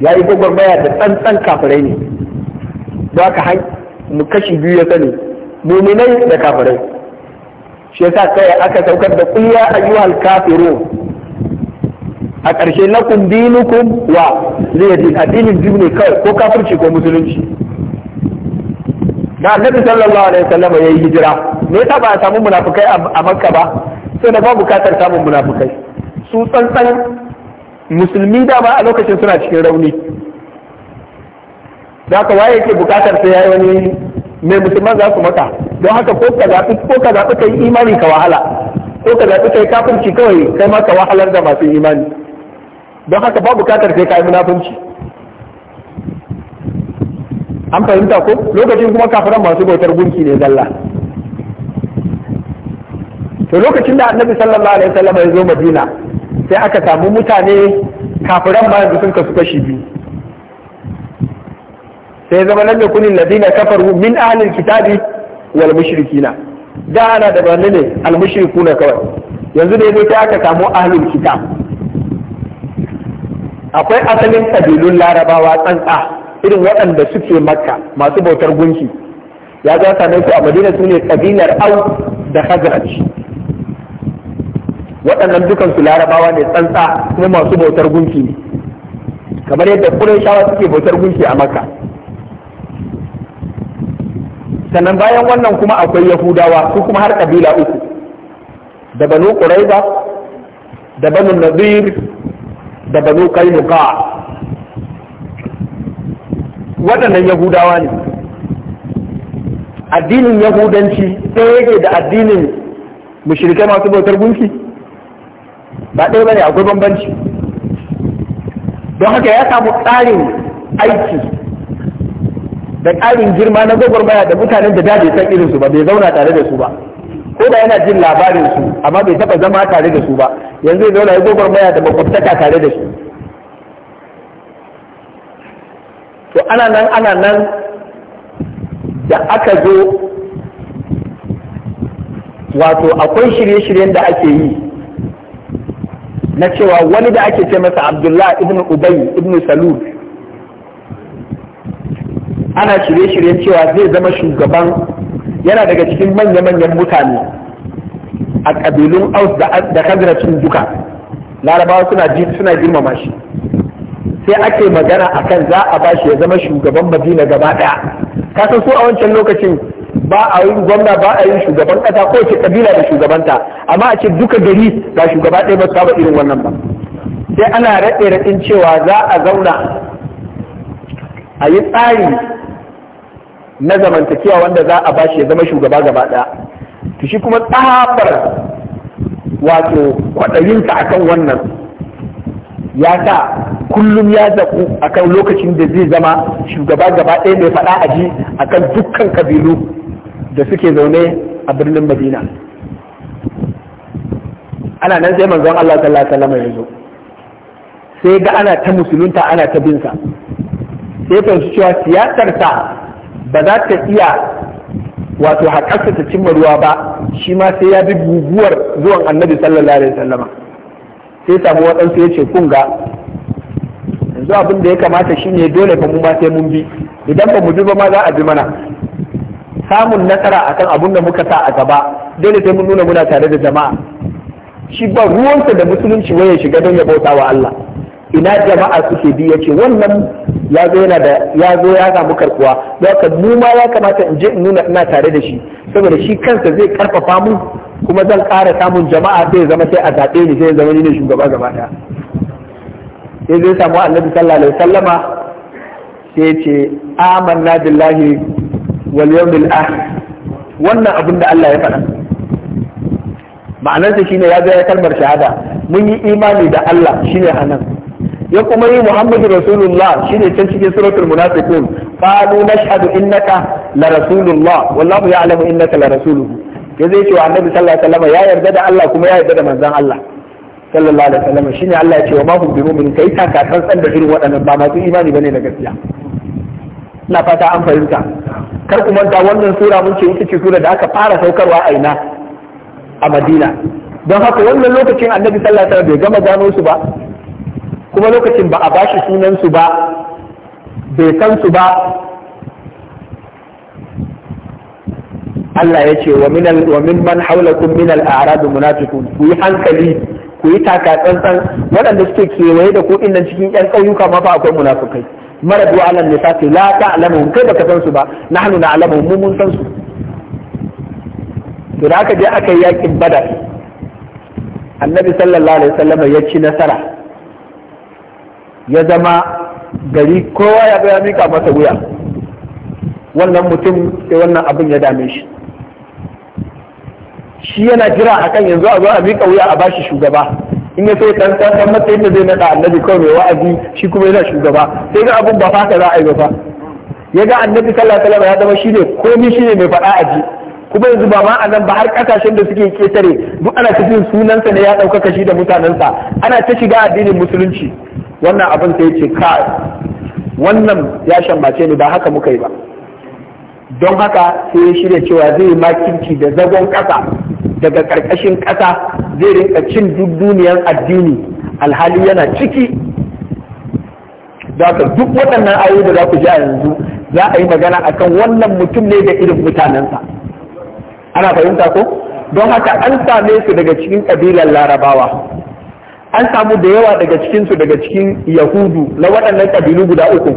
ya yi gwagwarmaya da tsantsan kafirai ne don mu kashi biyu ya sani muminai da kafirai shi yasa kai aka saukar da qul ya ayyuhal kafiru a ƙarshe na dinukum wa zai addinin biyu ne kawai ko kafirci ko musulunci da annabi sallallahu alaihi wasallam ya yi hijira me yasa ba a samu munafukai a makka ba sai da ba bukatar samun munafukai su tsantsan musulmi da ba a lokacin suna cikin rauni da ka waye yake bukatar sai yayi wani mai musulman za su maka don haka ko ka zaɓi ko ka zaɓi kai imani ka wahala ko ka zaɓi kai kafirci kawai kai ma ka wahalar da masu imani don haka ba katar sai kai munafunci an fahimta ko lokacin kuma kafiran masu bautar gunki ne zalla to lokacin da annabi sallallahu alaihi wasallam ya zo madina sai aka samu mutane kafiran ma yanzu sun kasu kashi biyu sai zama lam yakunil ladina kafaru min ahlil kitabi wal mushrikina da ana da bane ne al mushrikuna kawai yanzu da yazo ta aka samu ahlul kitab akwai asalin kabilun larabawa tsantsa irin waɗanda suke makka masu bautar gunki ya za same su a madina su ne kabilar au da khazraj waɗannan dukansu larabawa ne tsantsa kuma masu bautar gunki ne kamar yadda shawa suke bautar gunki a makka sannan bayan wannan kuma akwai yahudawa su kuma har kabila uku da banu quraiza da banu nadir da banu kainuka waɗannan yahudawa ne addinin yahudanci ɗaya yake da addinin mushrikai masu bautar gunki ba ɗaya bane akwai bambanci don haka ya samu tsarin aiki da ƙarin girma na gwagwarmaya da mutanen da da san irin su ba bai zauna tare da su ba ko da yana jin labarin su amma bai taba zama tare da su ba yanzu ya zauna ya gwagwarmaya da makwabtaka tare da su to ana nan ana nan da aka zo wato akwai shirye-shiryen da ake yi na cewa wani da ake ce masa Abdullahi ibn ubay ibn salud ana shirye-shiryen cewa zai zama shugaban yana daga cikin manya-manyan mutane a ƙabilun aus da kadiracin duka larabawa suna suna girmama shi sai ake magana akan za a bashi ya zama shugaban madina gaba ɗaya kasan su a wancan lokacin ba a yi gwamna ba a yi shugaban ƙasa ko ce ƙabila da shugabanta amma a ce duka gari ga shugaba ɗaya ba saba irin wannan ba sai ana raɗe raɗin cewa za a zauna a yi tsari na zamantakewa wanda za a bashi ya zama shugaba gaba ɗaya to shi kuma tsabar wato kwaɗayinsa akan wannan ya sa kullum ya zaku akan lokacin da zai zama shugaba gaba ɗaya mai faɗa aji akan dukkan kabilu da suke zaune a birnin madina ana nan sai manzon Allah sallallahu ya zo sai ga ana ta musulunta ana ta binsa sai fahimci cewa siyasarsa ba za ta iya wato haƙarsa ta cimma ruwa ba shi ma sai ya bi guguwar zuwan annabi sallallahu alaihi wasallam sai samu waɗansu ya ce kun yanzu abin da ya kamata shi ne dole fa mu ma sai mun bi idan ba mu bi ba ma za a bi mana samun nasara akan abin da muka sa a gaba dole sai mun nuna muna tare da jama'a shi ba ruwansa da musulunci waye shiga don ya bauta wa Allah ina jama'a suke bi yace wannan ya zo yana da ya zo ya samu karkuwa haka mu ma ya kamata in je in nuna ina tare da shi saboda shi kansa zai karfafa mu kuma zan ƙara samun jama'a sai zama sai a zaɓe ni sai zama ni ne shugaba gaba ɗaya sai zai samu annabi sallallahu alaihi wasallama sai ce amanna billahi wal yawmil akhir wannan abin da Allah ya faɗa ma'anarsa shine ya zo ya kalmar shahada mun yi imani da Allah shine anan ya kuma yi muhammadu rasulullah shi ne can cikin suratul munafiqun qalu nashhadu innaka la rasulullah wallahu ya'lamu innaka la rasuluhu ya zai cewa annabi sallallahu alaihi wasallam ya yarda da Allah kuma ya yarda da manzon Allah sallallahu alaihi wasallam shine Allah ya ce wa ma hum bi mu'min kai ta ka san da irin waɗannan ba masu imani bane na gaskiya ina fata an fahimta kar ku manta wannan sura mun ce ita ce sura da aka fara saukarwa a ina a Madina don haka wannan lokacin annabi sallallahu alaihi wasallam bai gama gano su ba kuma lokacin ba a bashi sunansu ba bai san su ba Allah ya ce wa min man mimman haulakum min a'rad munafiqun ku yi hankali ku yi taka tsantsan waɗanda suke kewaye da ku nan cikin ƴan ƙauyuka ma fa akwai munafikai maradu ala nisati la ta'lamuhum kai baka san su ba nahnu na'lamuhum mu mun san su to da aka je aka yi yakin badar annabi sallallahu alaihi wasallam ya ci nasara ya zama gari kowa ya ga mika masa wuya wannan mutum sai wannan abin ya dame shi shi yana jira akan yanzu a zo a mika wuya a bashi shugaba in ya sai dan san matsayin da zai nada annabi kawai mai wa'azi shi kuma yana shugaba sai ga abin ba ka za a yi ba ya ga annabi sallallahu alaihi wasallam ya zama komi shi ne mai faɗa a ji kuma yanzu ba ma a nan ba har kasashen da suke ketare duk ana cikin sunansa ne ya ɗaukaka shi da mutanensa ana ta shiga addinin musulunci wannan abin sai ce ka wannan ya shambace ni ba haka muka yi ba don haka sai ya shirya cewa zai makinci da zagon ƙasa daga ƙarƙashin ƙasa zai rinka cin duk duniyar addini alhali yana ciki da duk waɗannan ayoyi da za ku ji a yanzu za a yi magana akan wannan mutum ne da irin mutanensa ana fahimta ko don haka an same su daga cikin kabilar larabawa an samu da yawa daga cikinsu daga cikin yahudu na waɗannan kabilu guda uku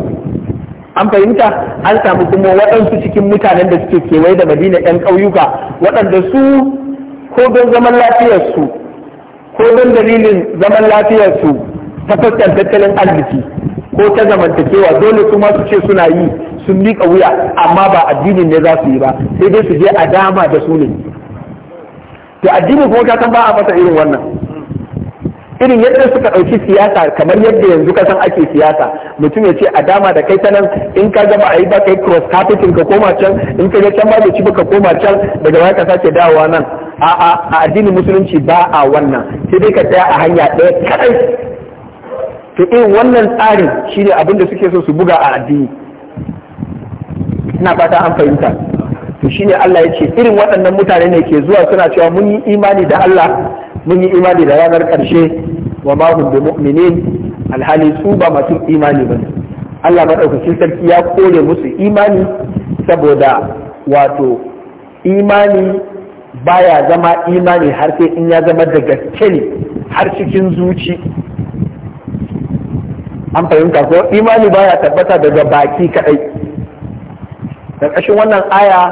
an fahimta an samu kuma waɗansu cikin mutanen da suke kewaye da madina ɗan ƙauyuka waɗanda su ko don zaman lafiyarsu ko don dalilin zaman lafiyarsu ta fuskar tattalin arziki ko ta zamantakewa dole su ma su ce suna yi sun miƙa wuya amma ba addinin ne za su yi ba sai dai su je a dama da su ne to addinin kuma ka san ba a masa irin wannan irin yadda suka ɗauki siyasa kamar yadda yanzu ka san ake siyasa mutum ya ce a dama da kai ta nan in ka gama a yi ba kai cross carpeting ka koma can in ka ga can ba da ci ba ka koma can daga baya ka sake dawowa nan a'a a addinin musulunci ba a wannan sai dai ka tsaya a hanya ɗaya kaɗai to irin wannan tsarin shine abin da suke so su buga a addini ina fata an fahimta to shine Allah ya ce irin waɗannan mutane ne ke zuwa suna cewa mun yi imani da Allah mun yi imani da ranar ƙarshe wa ma hum bi mu'minin alhali su ba masu imani bane Allah madaukakin sarki ya kore musu imani saboda wato imani baya zama imani har sai in ya zama da gaske ne har cikin zuci an fahimta ko imani baya tabbata daga baki kadai ƙarƙashin wannan aya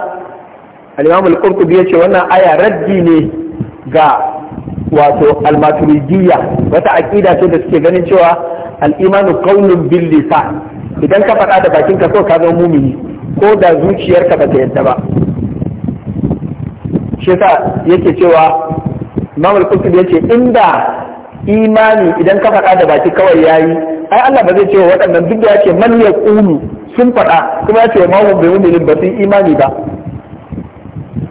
al-imamul ya ce wannan aya raddi ne ga wato al wata aƙida ce da suke ganin cewa al'imanu ƙaunin qawlun bil idan ka faɗa da bakin ka so ka zama mumini ko da zuciyarka ba ta yadda ba shi yasa yake cewa imamul qurtubi yace inda imani idan ka faɗa da baki kawai yayi ai Allah ba zai ce waɗannan duk da yake man yaqulu sun faɗa kuma ya ce ma wani bai mu'minin ba sun imani ba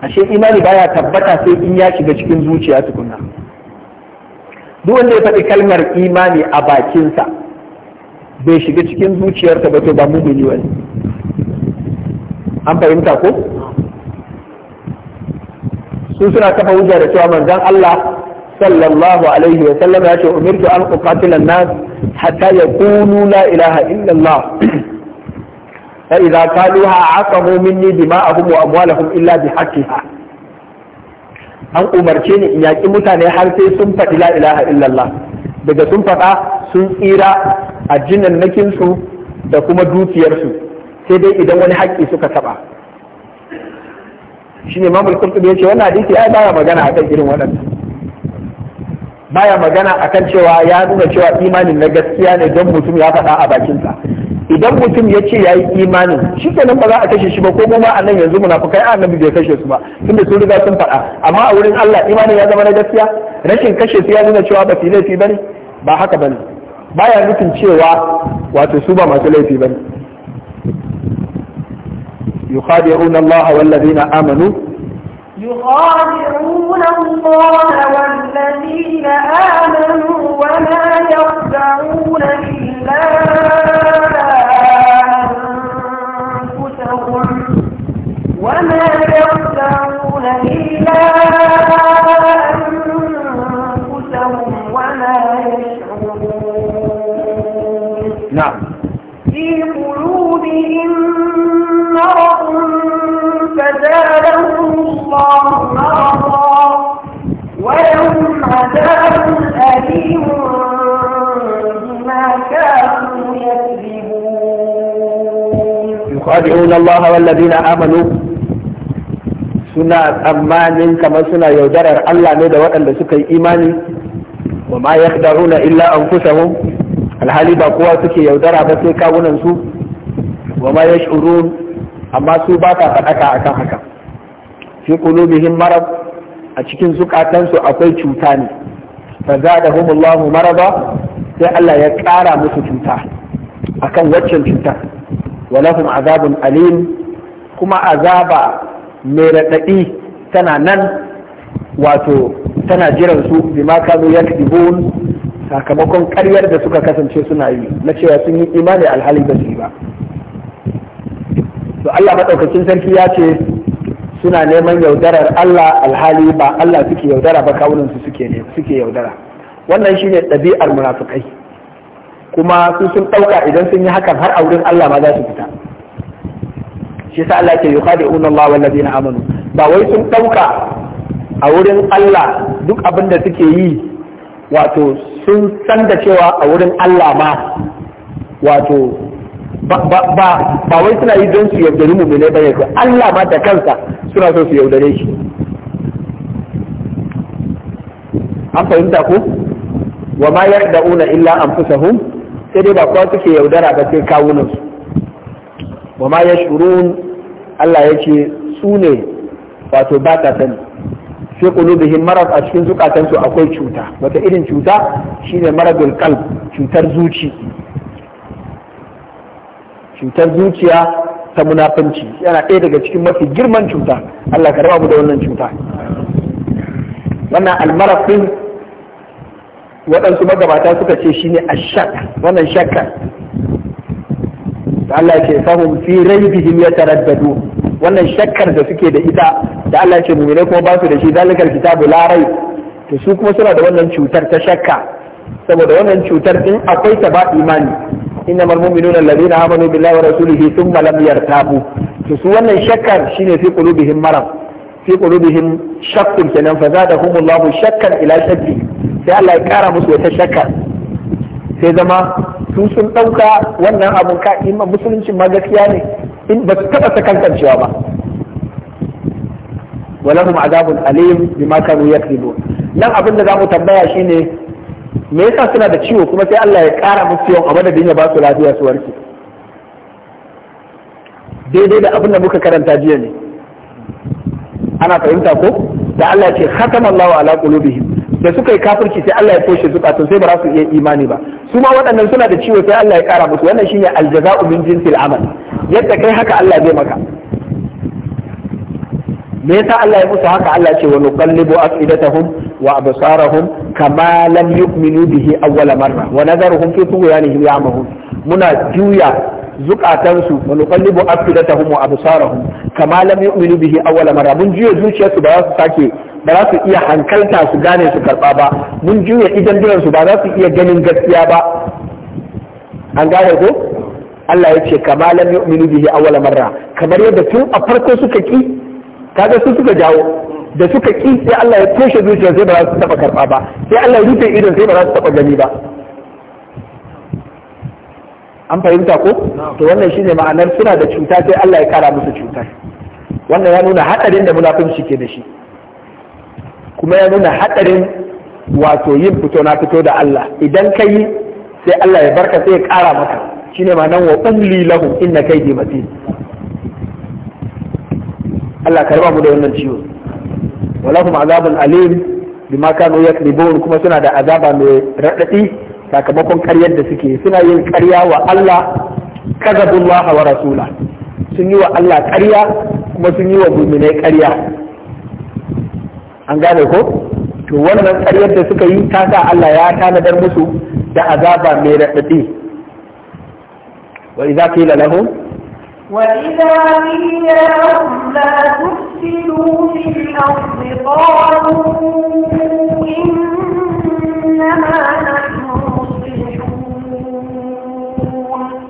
ashe imani baya tabbata sai in ya shiga cikin zuciya tukunna duk wanda ya faɗi kalmar imani a bakinsa bai shiga cikin zuciyarsa ba to ba mu'mini wani an fahimta ko su suna kafa hujja da cewa manzon Allah sallallahu alaihi wa sallam ya ce umirtu an uqatila an-nas hatta yaqulu la ilaha illa Allah fa idza qaluha aqamu minni dima'ahum wa amwalahum illa bihaqqiha an umarce ni in yaƙi mutane har sai sun faɗi la ilaha illallah daga sun faɗa sun tsira a su da kuma dukiyarsu sai dai idan wani haƙƙi suka taɓa shi ne mamul kurtubi ya ce wannan hadisi ai baya magana akan irin waɗannan baya magana akan cewa ya nuna cewa imanin na gaskiya ne don mutum ya faɗa a bakinsa idan mutum ya ce ya yi imanin shi kenan ba za a kashe shi ba ko kuma a nan yanzu muna kai a nan bai kashe su ba tunda sun riga sun faɗa amma a wurin Allah imanin ya zama na gaskiya rashin kashe su ya nuna cewa ba su laifi bane ba haka bane baya nufin cewa wato su ba masu laifi bane yukhadi'un Allah wal ladina amanu يخادعون الله والذين آمنوا وما يخدعون يخادعون الله والذين آمنوا suna tsammanin kamar suna yaudarar Allah ne da waɗanda suka yi imani wa ma yakhda'una illa anfusahum alhali ba kowa suke yaudara ba sai kawunan su wa ma yash'urun amma su ba ka fadaka akan haka fi qulubihim marad a cikin zukatansu akwai cuta ne fa zadahumullahu marada sai Allah ya ƙara musu cuta akan waccan cutar wa azabin azabun alim kuma azaba mai raɗaɗi tana nan wato tana jiran su bima sakamakon karyar da suka kasance suna yi na cewa sun yi imani alhali ba su yi ba to Allah madaukakin sarki ya ce suna neman yaudarar Allah alhali ba Allah suke yaudara ba kawunan su suke ne suke yaudara wannan shine ɗabi'ar munafikai kuma su sun ɗauka idan sun yi hakan har a wurin Allah ma za su fita shi sa Allah ke yukhadi'una Allah wallazina amanu ba wai sun ɗauka a wurin Allah duk abin da suke yi wato sun san da cewa a wurin Allah ma wato ba wai suna yi don su yaudari mu ne bane ko Allah ma da kansa suna so su yaudare shi an fahimta ku wa ma yarda'una illa anfusahum sai dai ba kowa suke yaudara ba sai kawunansu su wa ma shuru Allah ya ce su ne wato ba ta sani sai da hin marar a cikin zukatansu akwai cuta wata irin cuta shine marar qalb cutar zuci cutar zuciya ta munafanci yana ɗaya daga cikin mafi girman cuta Allah ka raba da wannan cuta wannan almarafin waɗansu magabata suka ce ne ashak wannan shakka Allah ce fahum fi raibihim yataraddadu wannan shakkar da suke da ita da Allah ce mu'mine kuma ba su da shi zalikal kitabu la raib to su kuma suna da wannan cutar ta shakka saboda wannan cutar din akwai ta ba imani innamal mu'minuna alladhina amanu billahi wa rasulihi thumma lam yartabu to su wannan shakkar shine fi qulubihim maram. fi qulubihim shakkun kenan fa zadahumullahu shakkan ila shakki sai Allah ya kara musu wata shakka sai zama su sun ɗauka wannan abun ka ima musulunci ma gaskiya ne in ba su taɓa sakankancewa ba walahum azabun alim bima kanu yakzibun nan abin da zamu tambaya shine me yasa suna da ciwo kuma sai Allah ya kara musu yawan abin da ya ba su lafiya su warke daidai da abin da muka karanta jiya ne ana fahimta ko da Allah ce khatama Allahu ala qulubihim da suka yi kafirci sai Allah ya toshe zukatun sai ba za su iya imani ba su ma waɗannan suna da ciwo sai Allah ya kara musu wannan shine aljaza'u min jinsil amal yadda kai haka Allah bai maka me yasa Allah ya musu haka Allah ce wa nuqallibu afidatahum wa absarahum kama lam yu'minu bihi awwala marra wa nadharuhum fi tughyanihim ya'mahun muna juya zukatansu wa nuqallibu afidatahum wa absarahum kama lam yu'minu bihi awwala marra mun jiya zuciyarsu ba za su sake ba za su iya hankalta su gane su karba ba mun juya idan duransu ba za su iya ganin gaskiya ba an gane ko Allah ya ce kama lam yu'minu bihi awwala marra kamar yadda tun a farko suka ki kaga su suka jawo da suka ki sai Allah ya toshe zuciyarsu sai ba za su taba karba ba sai Allah ya rufe idan sai ba za su taba gani ba an fahimta ko to wannan shine ma'anar suna da cuta sai Allah ya kara musu cutar wannan ya nuna hadarin da munafunci ke da shi kuma ya nuna hadarin wato yin fito na fito da Allah idan ka yi sai Allah ya barka sai ya kara maka shine ma'anar wa umli lahum inna kaydi matin Allah karba mu da wannan ciwo walahum azabun alim bima kanu yakribun kuma suna da azaba mai radadi sakamakon karyar da suke suna yin karya wa Allah kazabullaha wa rasula sun yi wa Allah karya kuma sun yi wa mu'minai karya an gane ko to wannan karyar da suka yi ta sa Allah ya tanadar musu da azaba mai raɗaɗi wa idza qila lahum wa idza qila lahum la tufsidu fil ardi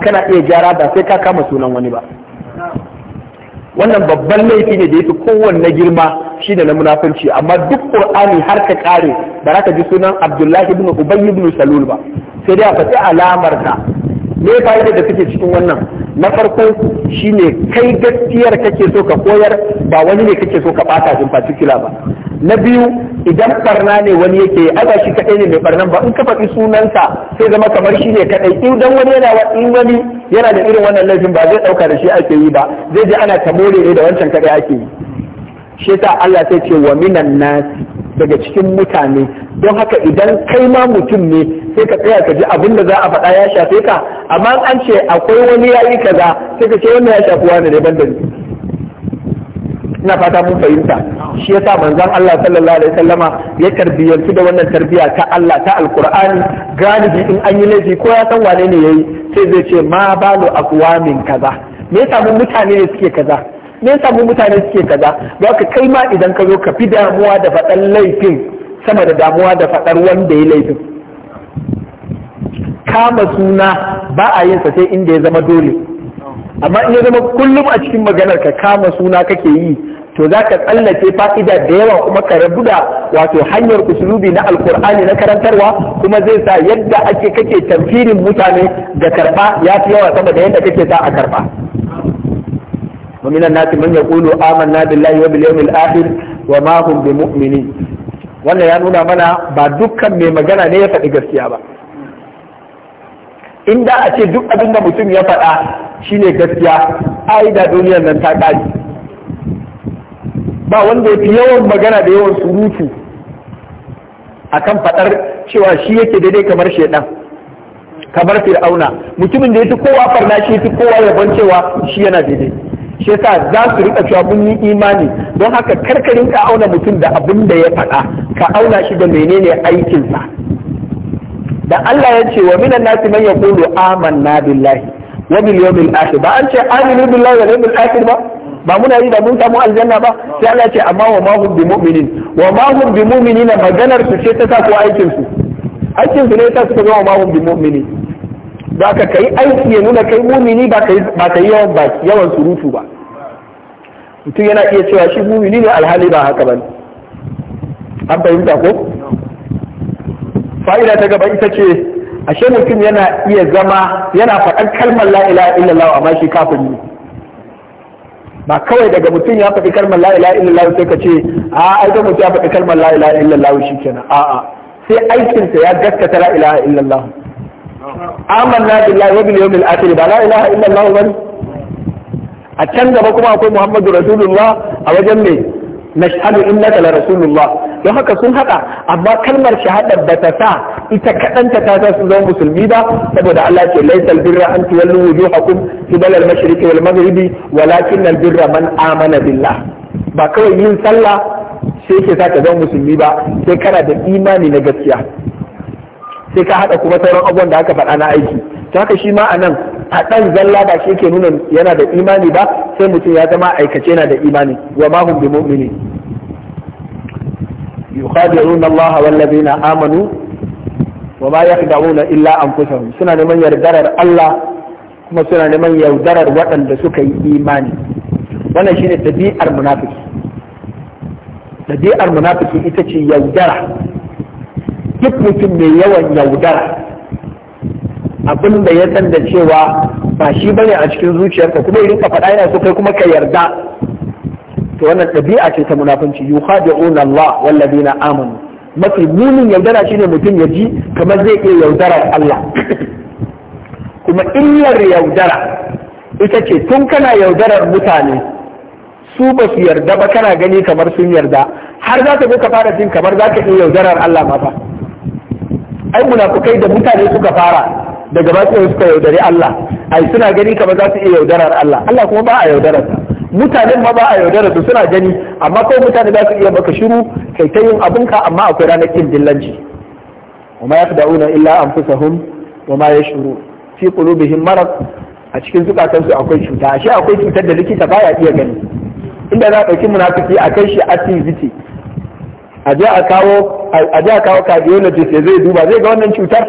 kana iya gyara ba sai ka kama sunan wani ba wannan babban laifi ne da ya yafi kowanne girma shi da na munafunci amma duk Al-ƙur'ani har ka kare ba za ka ji sunan abdullahi ibn ubay ibn salul ba sai dai a fasi alamar ka me fa'idar da kake cikin wannan na farko shine kai gaskiyar kake so ka koyar ba wani ne kake so ka bata in particular ba na biyu idan barna ne wani yake aga shi kadai ne mai barnan ba in ka faɗi sunansa sai zama kamar shi ne kadai idan wani yana in wani yana da irin wannan laifin ba zai dauka da shi ake yi ba zai je ana tamore ne da wancan kadai ake yi shi yasa Allah sai ce wa minan nasi daga cikin mutane don haka idan kai ma mutum ne sai ka tsaya ka ji abin da za a faɗa ya shafe ka amma an ce akwai wani yayi kaza sai ka ce wannan ya shafi wani ne ban ni ina fata mun fahimta shi yasa manzon Allah sallallahu alaihi wasallama ya tarbiyyarci da wannan tarbiyya ta Allah ta alqur'ani galibi in an yi laifi ko ya san wane ne yayi sai zai ce ma balu aqwamin kaza me yasa mun mutane ne suke kaza me yasa mun mutane suke kaza Ba ka kai ma idan ka zo ka fi damuwa da faɗar laifin sama da damuwa da faɗar wanda ya laifin kama suna ba a yin sa sai inda ya zama dole amma in ya zama kullum a cikin maganar ka kama suna kake yi to za ka tsallake fa'ida da yawa kuma ka rabu da wato hanyar usulubi na alkur'ani na karantarwa kuma zai sa yadda ake kake tamfirin mutane da karba ya fi yawa sama da yadda kake sa a karba ومن الناس من يقول آمنا بالله وباليوم الآخر وما هم بمؤمنين wannan ya nuna mana ba dukkan mai magana ne ya faɗi gaskiya ba in da a ce duk abin da mutum ya faɗa shi ne gaskiya yi da duniyar nan ta ƙari ba wanda ya fi yawan magana da yawan surutu a kan faɗar cewa shi yake daidai kamar shaidan kamar fir'auna mutumin da ya fi kowa farna shi ya fi kowa yabon cewa shi yana daidai shi yasa za su riƙa cewa mun yi imani don haka karkarin ka auna mutum da abin da ya faɗa ka auna shi da menene aikinsa da Allah ya ce wa minan nasi man yaqulu amanna billahi wa bil yawmil akhir ba an ce aminu billahi wa yawmil akhir ba ba muna yi da mun samu aljanna ba sai Allah ya ce amma wa ma hum bi mu'minin wa ma hum bi mu'minina maganar su ce ta sa ko aikin su aikin su ne ta suka zama ma hum bi mu'minin da ka kai aiki ya nuna kai mu'mini ba kai ba kai yawan ba yawan surutu ba mutum yana iya cewa shi mu'mini ne alhali ba haka ne. an fahimta ko fa'ida ta gaba ita ce ashe mutum yana iya zama yana faɗan kalmar la ilaha illallah amma shi kafin ne ba kawai daga mutum ya faɗi kalmar la ilaha illallah sai ka ce a ai da mutum ya faɗi kalmar la ilaha illallah shikenan a'a sai aikinsa ya gaskata la ilaha illallah amanna billahi wa bil yawmil akhir ba la ilaha illallah bane a can gaba kuma akwai muhammadu rasulullah a wajen me nashhadu innaka la rasulullah don haka sun haɗa amma kalmar shahada ba ta sa ita kaɗanta ta sa su zama musulmi ba saboda Allah ce laisal birra an tuwallu wujuhakum qibala al-mashriqi wal maghribi walakin al-birra man amana billah ba kawai yin sallah sai ke sa ka zama musulmi ba sai kana da imani na gaskiya sai ka haɗa kuma sauran abubuwan da aka faɗa na aiki To haka shi ma a nan a ɗan zalla ba shi ke nuna yana da imani ba sai mutum ya zama aikace yana da imani wa ma bi mu'mini yukhadi'una Allah wal ladina amanu wa ma yakhda'una illa anfusahum suna neman yardarar Allah kuma suna neman yaudarar waɗanda suka yi imani wannan shine tabi'ar munafiki tabi'ar munafiki ita ce yaudara duk mutum mai yawan yaudara abin da ya san da cewa ba shi bane a cikin zuciyarka kuma irin ka faɗa yana so kai kuma ka yarda to wannan ɗabi'a ce ta munafunci yukhadi'una Allah wallazina amanu mafi munin yaudara shine mutum ya ji kamar zai iya yaudarar Allah kuma illar yaudara ita ce tun kana yaudarar mutane su ba su yarda ba kana gani kamar sun yarda har za ka zo ka fara jin kamar za ka iya yaudarar Allah ma ai munafukai da mutane suka fara daga ba suka yaudari Allah ai suna gani kamar za su iya yaudarar Allah Allah kuma ba a yaudarar mutanen ma ba a yaudara su suna gani amma kawai mutane za su iya baka shiru kai ta yin abinka amma akwai ranar kin dillanci wa ma yafda'una illa anfusahum wa ma yashuru fi qulubihim marad a cikin zukatansu akwai cuta ashe akwai cutar da likita baya iya gani inda za a ɗauki munafiki a kai shi asibiti a je a kawo a je a kawo cardiologist zai duba zai ga wannan cutar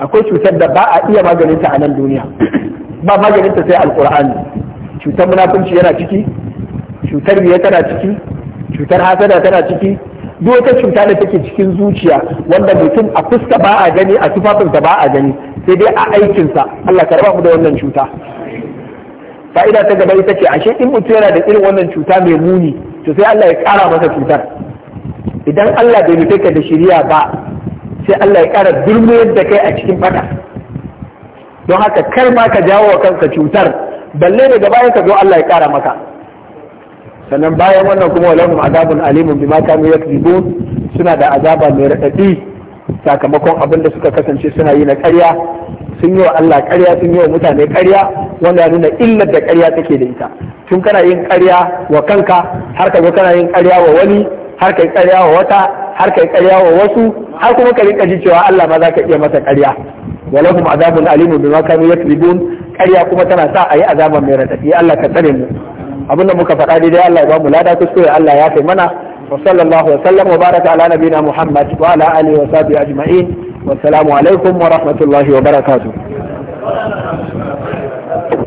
akwai cutar da ba a iya maganinta a nan duniya ba maganinta sai alqur'ani cutar munafunci yana ciki cutar biya tana ciki cutar hasada tana ciki duk wata cuta da take cikin zuciya wanda mutum a fuska ba a gani a tufafinsa ba a gani sai dai a aikinsa Allah karba mu da wannan cuta fa'ida ta gaba ita ce ashe in mutum yana da irin wannan cuta mai muni to sai Allah ya kara masa cutar idan Allah bai mutaka ka da shiriya ba sai Allah ya kara durmuyar da kai a cikin fada don haka kar ma ka jawo wa kanka cutar balle ne bayan ka zo Allah ya kara maka sannan bayan wannan kuma walahum azabun alimun bima kanu yakzibun suna da azaba mai radadi sakamakon abin da suka kasance suna yi na ƙarya sun yi wa Allah ƙarya sun yi wa mutane ƙarya wanda ya nuna illar da ƙarya take da ita tun kana yin ƙarya wa kanka har ka zo kana yin ƙarya wa wani har kai ƙarya wa wata har kai ƙarya wa wasu har kuma ka rika ji cewa Allah ma za ka iya masa ƙarya wa lahum azabun alimun bima kanu yakribun karya kuma tana sa a yi azaba mai radadi Allah ka tsare mu abin da muka faɗa daidai Allah ya ba mu lada kuskure Allah ya kai mana wa wa sallam wa baraka ala nabina Muhammad wa ala alihi wa sahbihi ajma'in wa assalamu alaikum wa rahmatullahi wa barakatuh